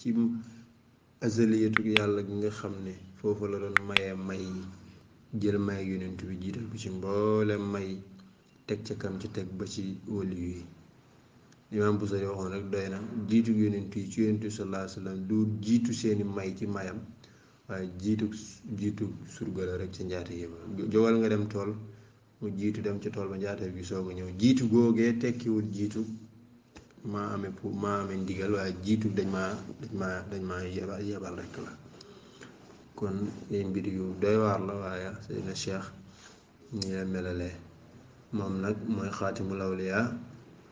ci azaliyatu yàlla gi nga xam ne foofu la doon maye may jël may yonent bi jiital ko ci mboolem may teg ca kam ci teg ba ci wàllu yi imaam bu sori waxoon rek doy na jiitu yonent yi ci yonent bi sallallahu du jiitu seeni may ci mayam waaye jiitu jiitu surga la rek ca njaata yi jógal nga dem tool mu jiitu dem ca tool ba njaata bi soog a ñëw jiitu googee tekkiwul jiitu maa amee pour maa amee ndigal waaye jiitu dañ maa dañ maa dañ maa yebal yebal rek la kon ay mbir yu doy waar la waaye Seydina Cheikh ñu la melalee moom nag mooy xaatimul awliyaa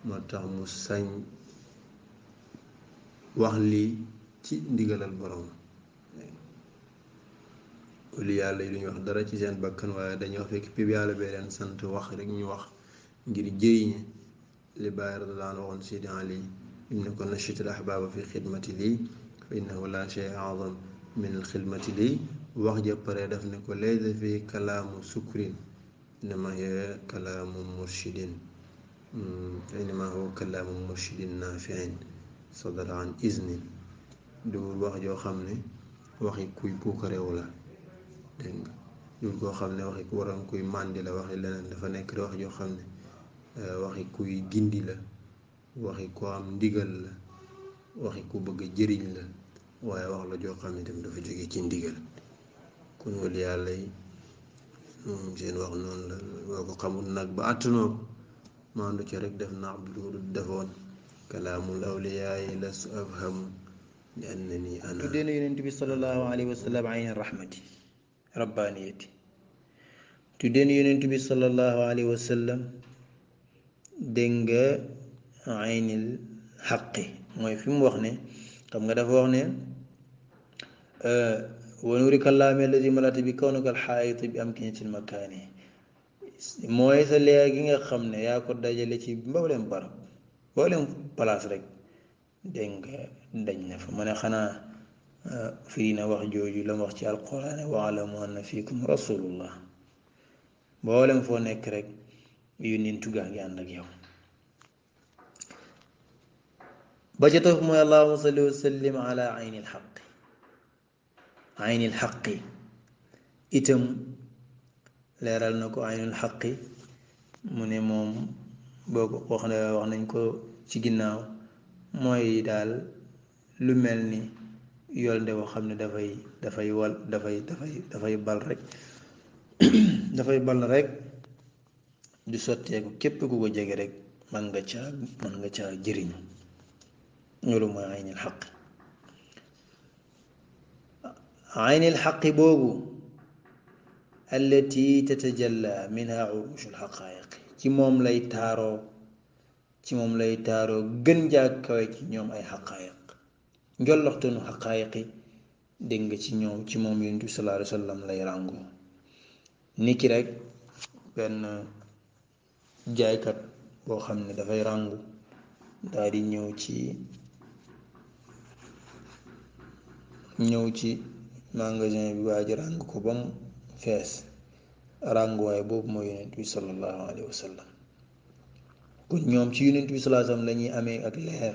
moo tax mu sañ wax lii ci ndigalal borom lu yàlla yi duñu wax dara ci seen bakkan waaye dañoo fekk pib yàlla bee leen sant wax rek ñu wax ngir jëriñe لباير دلان وغن سيدي علي إن كنا شت الأحباب في خدمة لي فإنه لا شيء أعظم من الخدمة لي وقت يبري دفن كليد في كلام سكرين إنما هي كلام مرشدين فإنما هو كلام مرشد نافع صدر عن إذن دور وقت يو خمني وقت كوي بوكري ولا دنگ دور كو خمني وقت كورن كوي ماندي لا وقت لنا دفنك روح يو Euh, waxi kuy gindi la waxi ku am ndigal la waxi ku bëgg jëriñ la waaye wax la joo xam ne tamit dafa jóge ci ndigal kon wali yàlla yi moom seen wax noonu la boo ko xamul nag ba àttunoo maandu ci rek def na abdu lu defoon kalaamul awliyaa yi la su afhamu li anna na yonent bi tuddee na yonent bi sallallahu alayhi wa دنجا عين الحق موي فيم وخني خم نغا داف وخني ا ونوري كلام الذي ملات بكونك الحائط بامكنه المكان موي سا ليغيغا خمنه يا كو داجالي سي مبلم بار بولم بلاص رك دنجا دنج نفا من خنا فينا واخ جوجو لم واخ سي القران وعلم ان فيكم رسول الله بولم فو نيك رك mi yónneen tugaa ngi ànd ak yow ba ca topp mooy allahuma salli wa sallim ala ayni alxaqi ayni alxaqi itam leeral na ko ayni alxaqi mu ne moom boo ko wax na wax nañ ko ci ginnaaw mooy daal lu mel ni yool nde boo xam ne dafay dafay wal dafay dafay dafay bal rek dafay bal rek di sotteeku képp ku ko jege rek man nga ca man nga caa jëriñu loolu mooy aynil xaq aynil xaqi boobu allati tatajalla minha urushul xaqaayiq ci moom lay taaroo ci moom lay taaroo gën jaa kawe ci ñoom ay xaqaayiq njolloxtanu xaqaayiqi dégg nga ci ñoom ci moom yonent bi sallallahu lay ràngoo niki rek jaaykat boo xam ne dafay ràngu daal di ñëw ci ñëw ci magasin bi waa ji ko ba mu fees rànguwaay boobu mooy yonent bi sallallahu alayhi ñoom ci yonent amee ak leer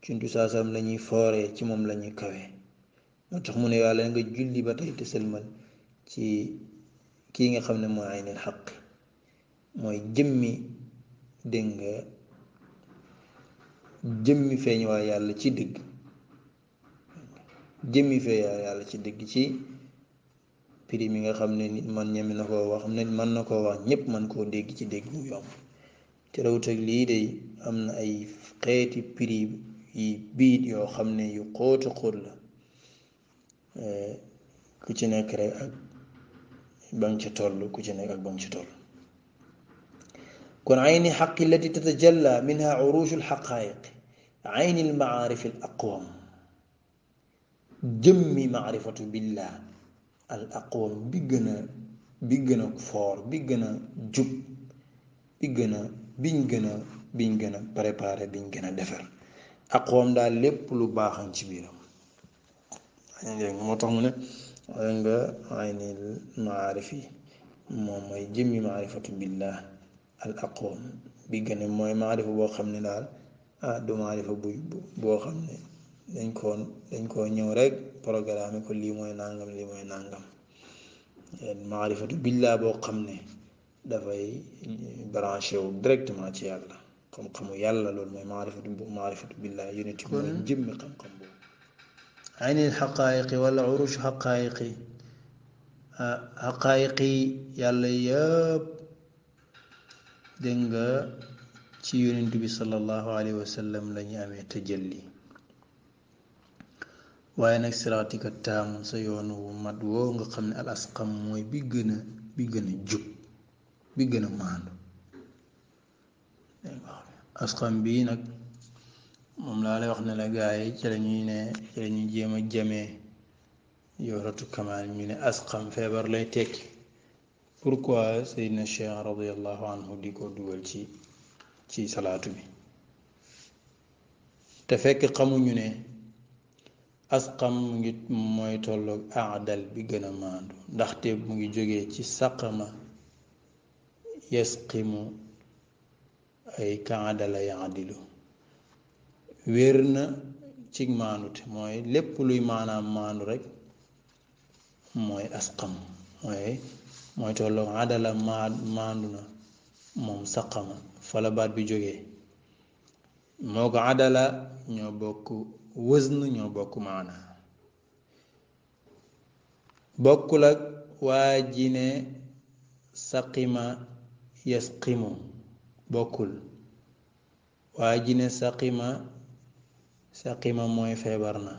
ci yonent bi sallallahu alayhi fooree ci moom la ñuy moo tax mu ne yàlla nga julli ba tey te sëlmal ci kii nga xam ne mooy aynil xaq mooy jëmmi dégg nga jëmmi feeñ waa yàlla ci dëgg jëmmi feeñ waa yàlla ci dëgg ci prix mi nga xam ne nit man ñeme na koo wax nit man na koo wax ñépp man koo dégg ci dégg bu yomb te lii day am na ay xeeti prix biit yoo xam ne yu xóotu la eh, ku ci nekk rek ak ba nga ku ci nekk ak ba nga ci toll كن عين حق التي تتجلى منها عروش الحقائق عين المعارف الأقوم جمي معرفة بالله الأقوم بيجنا بيجنا كفار بيجنا جب بيجنا بيجنا بيجنا بريبارة بيجنا دفر أقوم دا لب لباخن شبيرم moo عين المعارف مومي جمي معرفة بالله الاقوم بيغن موي معرفه بو خامني دال ا آه، دو معرفه بو بو خامني دنجكون دنجكو نيو رك بروغرامي كو لي موي نانغام لي موي نانغام يعني معرفه بالله بو خامني دا فاي برانشيو ديريكتومون تي يالا كوم خمو يالا لول موي معرفه بو معرفه بالله يونيتي مو جيم خم خم بو عين الحقائق ولا عروش حقائقي آه، حقائقي يالا ياب dégg nga ci yonent bi sallallahu alayhi wa sallam la ñu amee tëjalli waaye nag siraatika taamu sa yoon wu mat woo nga xam ne al asqam mooy bi gën bi gën jub bi gën maandu asqam bii nag moom laa lay wax ne la gaa yi ñuy ne ci la ñuy jéem a jamee yooratu kamaal ñu ne asqam feebar lay tekki pourquoi Seydina Cheikh radiallahu anhu di ko dugal ci ci salaatu bi te fekk xamuñu ne asqam mu ngi mooy tolloog aadal bi gëna a ndaxte mu ngi jóge ci saqama yasqimu ay kaadala yaadilu wér na ci maandute mooy lépp luy maanaam maandu rek mooy asqam mooy mooy tolloog adala maa maandu na moom saqama fala baat bi jóge moo ko adala ñoo bokk wëzn ñoo bokk maana bokkul ak waa ji ne saqima yasqimu bokkul waa ji ne saqima saqima mooy feebar na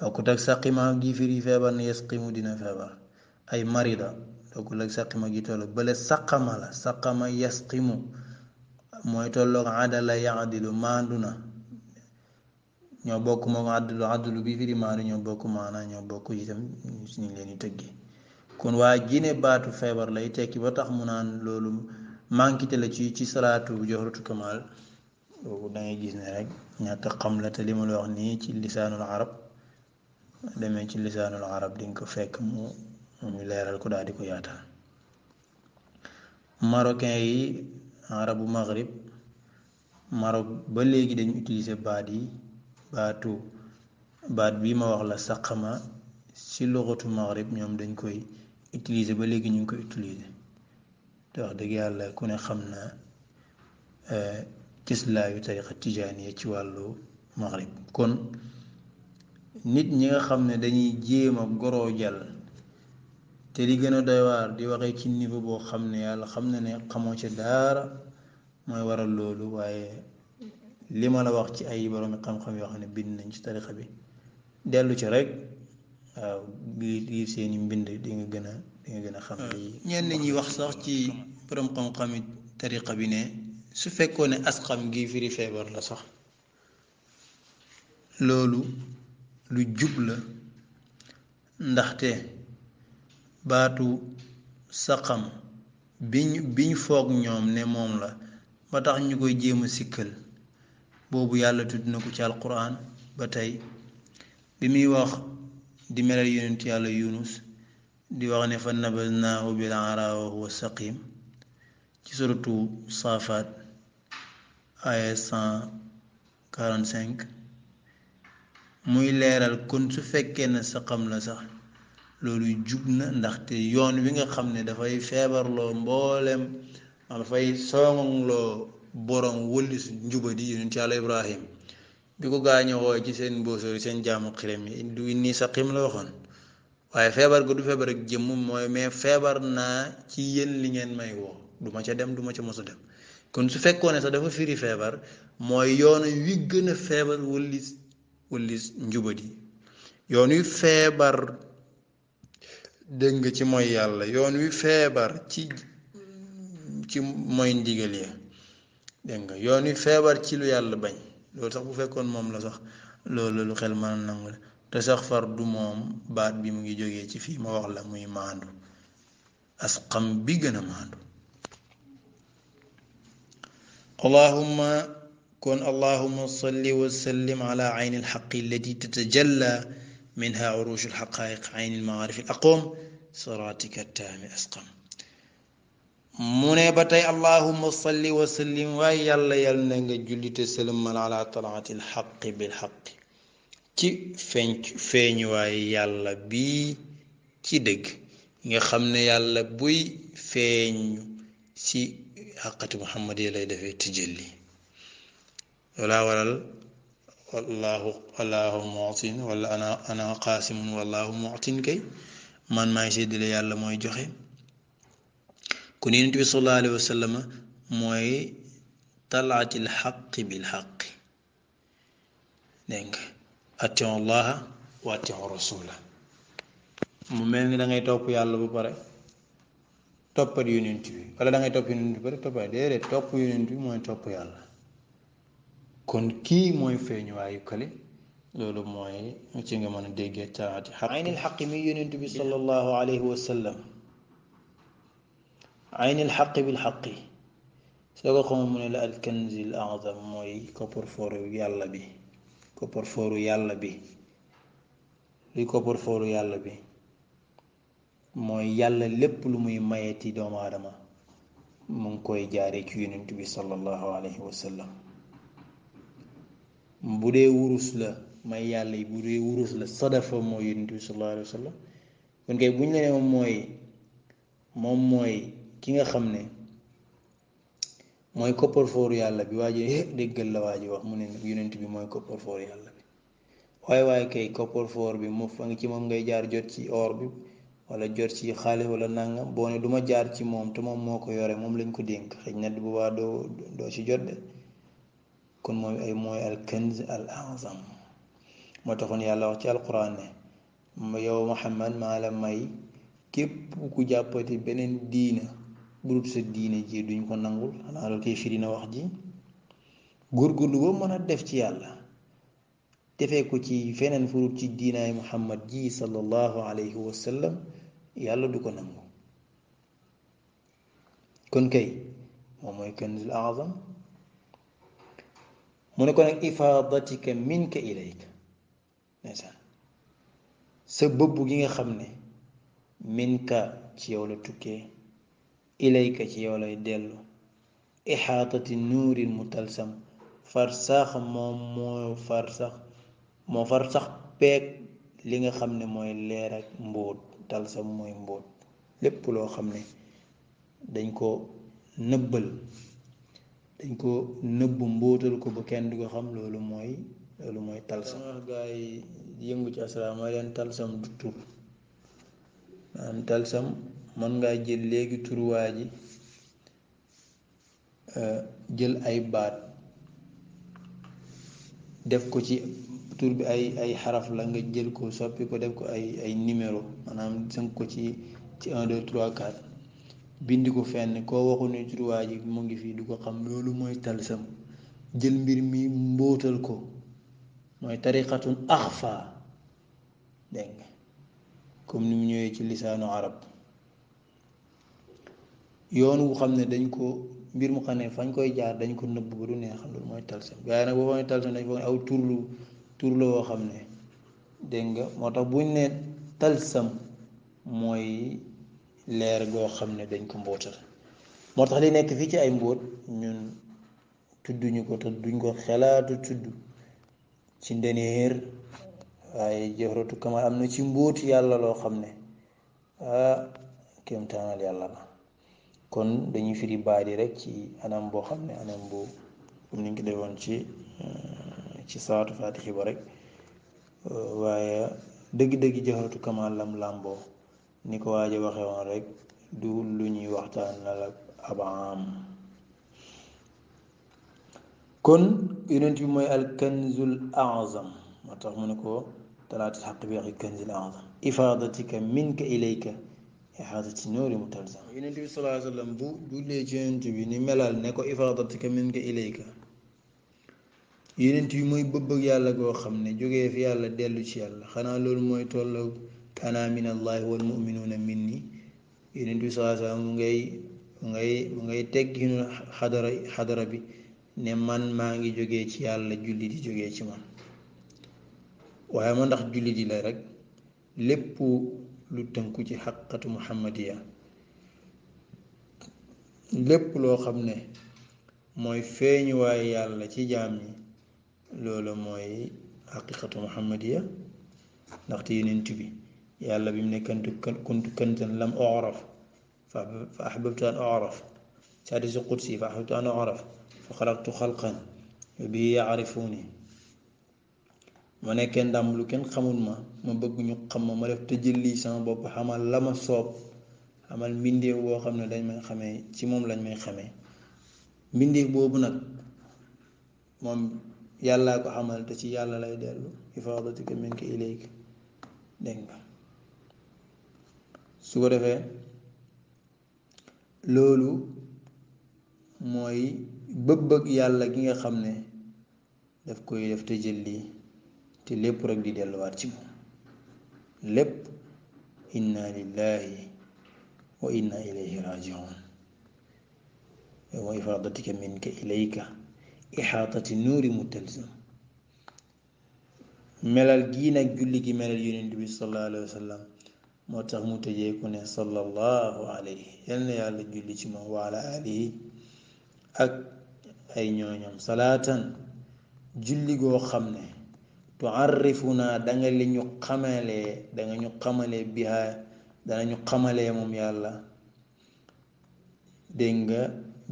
bokkut ak saqima ak jiifir yi feebar ne yasqimu dina feebar ay marida bokkul ak saqima gi tolloog bële saqama la saqama yasqimu mooy tolloog adala yaadilu maandu na ñoo bokk moom addalu addalu bi firi maandu ñoo bokk maana ñoo bokk itam suñu leen di tëggee kon waa jine baatu feebar lay tekki ba tax mu naan loolu mànkite la ci salaatu joxratu kamal boobu da ngay gis ne rek ñàkk xam la te li ma wax nii ci lisaanul arab demee ci lisaanul arab di nga ko fekk mu ñu leeral ko daal di ko yaatal marokin yi arabu maghrib Maroc ba léegi dañu utiliser baat yi baatu baat bii ma wax la saqama ci luxatu maghrib ñoom dañ koy utiliser ba léegi ñu ngi koy utiliser te wax dëgg yàlla ku ne xam na cëslaayu eh, tariqa yi ci wàllu maghrib kon nit ñi nga xam ne dañuy jéem a goroo jal te li gën a doy waar di waxee ci niveau boo xam ne yàlla xam na ne xamoo ci daara mooy waral loolu waaye li ma la wax ci ay boroomi xam-xam yoo xam ne bind nañ ci tarixa bi dellu ci rek waaw lii seeni mbind di nga gën a di nga gën a xam ñenn ñi wax sax ci borom xam-xami tarixa bi ne su fekkoon ne asxam gi firi feebar la sax loolu lu jub la ndaxte baatu saqam biñ biñ foog ñoom ne moom la ba tax ñu koy jéem a sikkal boobu yàlla tudd na ko ci alquran ba tey bi muy wax di melal yonent yàlla yunus di wax ne fa nabadnaahu bil araa wa huwa saqim ci suratu saafaat aya 145 muy leeral kon su fekkee ne sa xam la sax loolu jub na ndaxte yoon wi nga xam ne dafay feebar loo mboolem dafay sooŋloo borom wëllis njubadi yonent yàlla ibrahim bi ko gaañu woo ci seen mbóosóor seen jaamu xiram yi du nii sa xim la waxoon waaye feebar ga du feebar ak jëmm mooy mais feebar naa ci yéen li ngeen may woo duma ca dem duma ca mosu dem kon su fekkoon ne sax dafa firi feebar mooy yoon wi gën a feebar wëllis wullis njubad yi yoon wi feebar dégg nga ci mooy yàlla yoon wi feebar ci ci mooy ndigal ya dégg nga yoon wi feebar ci lu yàlla bañ loolu sax bu fekkoon moom la sax loolu lu xel mën a nangu la te sax far du moom baat bi mu ngi jógee ci fii ma wax la muy maandu asqam bi gën a maandu allahumma كون اللهم صل وسلم على عين الحق التي تتجلى منها عروج الحقائق عين المعارف الأقوم صراطك التام أسقم من باتي اللهم صل وسلم ويا الليل نجا جلي تسلم على طلعة الحق بالحق تي فين فين ويا بي تي دك nga xam ne yàlla buy feeñ ci xaqatu muhammad yi lay defee tijjal lii ولا والله والله معطين ولا انا انا قاسم والله معطين كي من ماي سيد لي يالا موي جوخي كوني نبي صلى الله عليه وسلم موي طلعت الحق بالحق نينغ اتي الله واتي الرسول مو ملني داغي توپ يالا بو بار توپ يونيتي ولا داغي توپ يونيتي بار توپ ديري توپ يونيتي موي توپ يالا kon kii mooy feeñuwaayu kale loolu mooy ci nga mën a déggee taati xaq ayni alxaq mi yonent bi sallallahu alayhi wa sallam ayni alxaq bilxaqi soo ko xamul mu ne la alkanzi al azam mooy kopporfooru yàlla bi kopporfooru yàlla bi luy kopporfooru yàlla bi mooy yàlla lépp lu muy mayeti doomu aadama mu ngi koy jaare ci yonent bi sallallahu alayhi wa sallam bu dee wurus la may yàlla yi e bu dee wurus la sadafa mooy yonente bi salallah alih wa sallam kon kay buñ la ne moom mooy moom mooy ki nga xam ne mooy koppar fooru yàlla bi waaji eh, déggal la waaji wax mu ne yonente bi mooy koppar foor yàlla bi waaye waaye kay koppar foor bi mu fa nga ci moom ngay jaar jot ci or bi wala jot ci xaalis wala nangam boo ne du ma jaar ci moom te moom moo ko yore moom lañ ko dénk xëy na bu baa doo doo si jot de kon mooy ay mooy al kanz al azam moo taxoon yàlla wax ci alquran ne yow Muhammad maa la may képp ku jàppati beneen diina burut sa diine ji duñ ko nangul xanaa loolu kay firi na wax ji góorgóorlu boo mën a def ci yàlla defee ko ci feneen furut ci diinaay muhammad ji sallallahu alayhi wa sallam yàlla du ko nangu kon kay moom mooy kanzul azam mu ne ko nag ifaadatika minka ilayka sa bëbb gi nga xam ne minka ci yow la tukkee ilayka ci yow lay dellu ixaatati nuurin mu talsam farsax moom moo farsax moo farsax peeg li nga xam ne mooy leer ak mbóot talsam mooy mbóot lépp loo xam ne dañ ko nëbbal dañ ko nëbbu mbóotal ko ba kenn du ko xam loolu mooy loolu mooy talsam wax ah, gaay yëngu ci asalaam mooy leen talsam du tur maanaam talsam mën ngaa jël léegi turuwaa ji euh, jël ay baat def ko ci tur bi ay ay xaraf la nga jël ko soppi ko def ko ay ay numéro maanaam sënk ko ci ci un deux trois quatre bind ko fenn koo waxu ne mu ngi fii du ko xam loolu mooy talsam jël mbir mi mbóotal ko mooy tariqatun axfa dégg nga comme ni mu ñëwee ci lisaanu arab yoon wu xam ne dañ ko mbir mu xam ne fañ koy jaar dañ ko nëbb ba du neexal loolu mooy talsam gars yi nag boo xam ne talsam dañ foog ne aw turlu turla woo xam ne dégg nga moo tax buñ ne talsam mooy leer goo xam ne dañ ko mbóotal moo tax li nekk fii ci ay mbóot ñun tudduñu ko te duñ ko xalaatu tudd ci ndeneer waaye jahratu kamal am na ci mbóot yàlla loo xam ne ah kéemtaanal yàlla la kon dañuy firi baadi rek ci anam boo xam ne anam bu comme ko defoon ci eh, ci saatu rek waaye dëgg-dëgg jahratu kamal lam làmboo ni ko waaje waxe woon rek du lu ñuy waxtaan la ak ab am kon yonent bi mooy al kanzul azam moo tax mu ne ko talaat alxaq bi waxi kanzul azam ifadatika minka ilayka ihaadati noori mu talzam yonent bi salaa sallam bu jullee ci yonent bi ni melal ne ko ifadatika minka ilayka yonent bi mooy bëbbëg yàlla goo xam ne jógee fi yàlla dellu ci yàlla xanaa loolu mooy tolloog ana min allahi wal muminuuna min ni yonent bi saa ngay mu ngay mu xadara xadara bi ne man maa ngi jóge ci yàlla julli di jóge ci man waaye ma ndax julli di la rek lépp lu tënku ci xaqatu muhammadiya lépp loo xam ne mooy feeñu waaye yàlla ci jaam ñi loolu mooy xaqiqatu muhammadiya ndaxte yonent bi يا الله بمن كنت كنت كنت لم أعرف فأحببت أن أعرف حديث قدسي فأحببت أن أعرف فخلقت خلقا به يعرفوني ma nekkee ndam lu kenn xamul ma ma bëgg ñu xam ma ma def tëjëli sama bopp xamal la ma soob xamal mbindeef boo xam ne dañ may xamee ci moom lañ may xamee mbindeef boobu nag moom yàllaa ko xamal te ci yàlla lay dellu ifaadatika minka ilayka dégg nga su ko defee loolu mooy bëg-bëg yàlla ki nga xam ne daf koy def te jël li te lépp rek di delluwaat ci moom lépp inna lillahi wa inna ilayhi rajiun wa ifradatika minka ilayka ixaatati nuuri mutalzam melal gii nag julli gi melal yonent bi sallallahu alayhi wa sallam moo tax mu tëjee ku ne sallallahu yàlla julli ci moom waala alihi ak ay ñooñam salaatan julli goo xam ne tuarrifuna danga li ñu xamalee danga ñu xamalee biha dana ñu xamalee moom yàlla dégg nga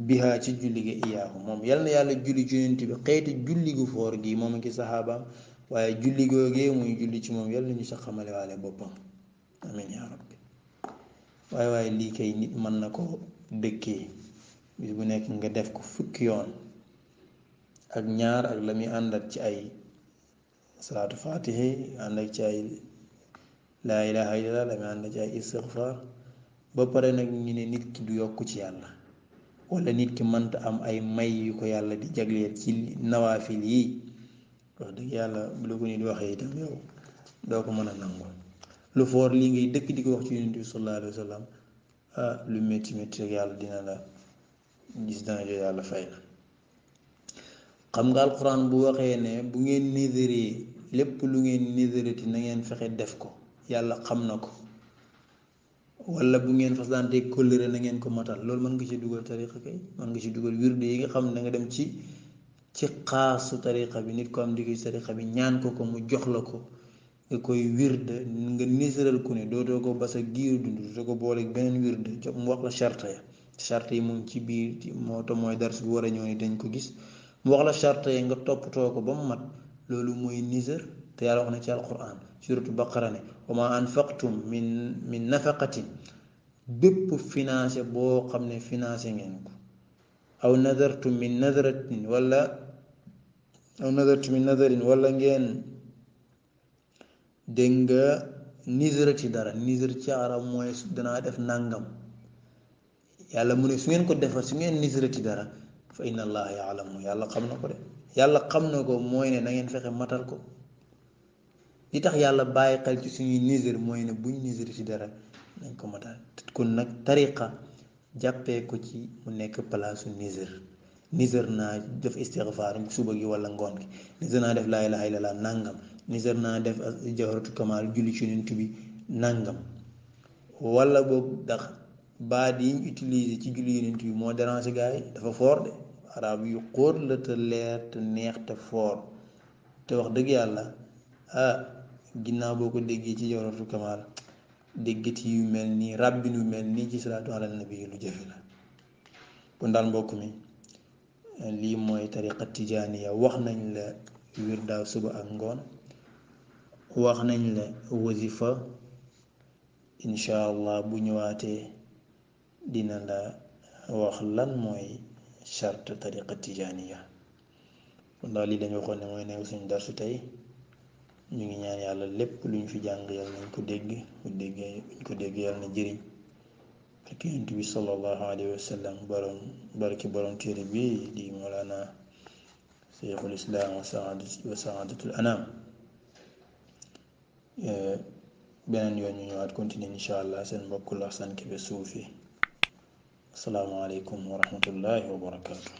biha ci julli ga iyaahu moom yàlla julli ci yonent bi xeeti julli gu foor gi moom ki saxaabaam waaye julli googee muy julli ci moom yal na ñu sa xamale waale boppam amin yaa rabbi waaye waaye lii kay nit mën na ko dëkkee bis bu nekk nga def ko fukki yoon ak ñaar ak la muy ànd ak ci ay salaatu faatihi ànd ak ci ay laa ilaha illallah la muy ànd ak ci ay istigfaar ba pare nag ñu ne nit ki du yokk ci yàlla wala nit ki mënta am ay may yu ko yàlla di jagleel ci nawaafil yi wax dëgg yàlla bu la ko nit waxee itam yow doo ko mën a nangu lu foor lii ngay dëkk di ko wax ci yonent bi sallallahu alayhi wa sallam ah, lu métti métti rek yàlla dina la gis dana jo xam nga alquran bu waxee ne bu ngeen yi lépp lu ngeen nidirati na ngeen fexe def ko yàlla xam na ko wala bu ngeen fasante kóllëre na ngeen ko matal loolu mën nga ci dugal tariqa kay mën nga ci dugal wirdu yi nga xam ne da nga dem ci ci xaasu tariqa bi nit ko am digg ci tariqa bi ñaan ko ko mu jox la ko nga koy wird nga nisaral ko ne dootoo ko ba sa giiru dund dootoo ko boole beneen wird mu wax la charte ya charte yi mu ci biir moo tax mooy dars bu war a ñëw ni dañ ko gis mu wax la charte yi nga toppatoo ko ba mu mat loolu mooy nisar te yàlla wax na ci alquran suratu baqara ne wa ma anfaqtum min min nafaqatin bépp financé boo xam ne financé ngeen ko aw nadartum min nadaratin wala ngeen dégg nga nisere ci dara nisere ci arab mooy danaa def nangam yàlla mu ne su ngeen ko defar su ngeen nisere ci dara fa inna allaha yaalamu yàlla xam na ko yàlla xam na ko mooy ne na ngeen fexe matal ko li tax yàlla bàyyi xel ci suñuy nisere mooy ne buñ nisere ci dara nañ ko matal kon nag tariqa jàppee ko ci mu nekk palaasu nisere nisere naa def istixfaar suba gi wala ngoon gi nisere naa def laa ilaha illallah nangam. nisar naa def jawaratu kamaal julli ci yonent bi nàngam wala boog ndax baat yi ñu ci julli yonent bi moo dérange gars yi dafa foor de arab yu xóot la te leer te neex te foor te wax dëgg yàlla ah ginnaaw boo ko déggee ci jawaratu kamaal déggati yu mel nii ràbbin yu mel nii ci salaatu ala nabi lu jafe la kon daal mbokk mi lii mooy tariqa tijaaniya wax nañ la wirdaaw suba ak ngoon wax nañ la wasifa incha allah bu ñëwaatee dina la wax lan mooy charte tariqa tijaniya kon daal lii dañu waxoon ne mooy nekk suñu darsu tey ñu ngi ñaar yàlla lépp luñ fi jàng yal nañ ko dégg bu déggee buñ ko dégg yal na jëriñ fekk yonent bi sallallahu alayhi wa sallam borom barki borom téere bi di moolaana cheikhul islam wa saadatul anam Eh, beneen yoon ñu ñëwaat continuer incha allah seen mbokk la Assane Kébé Soufi asalaamaaleykum wa rahmatullahi wa barakaatu.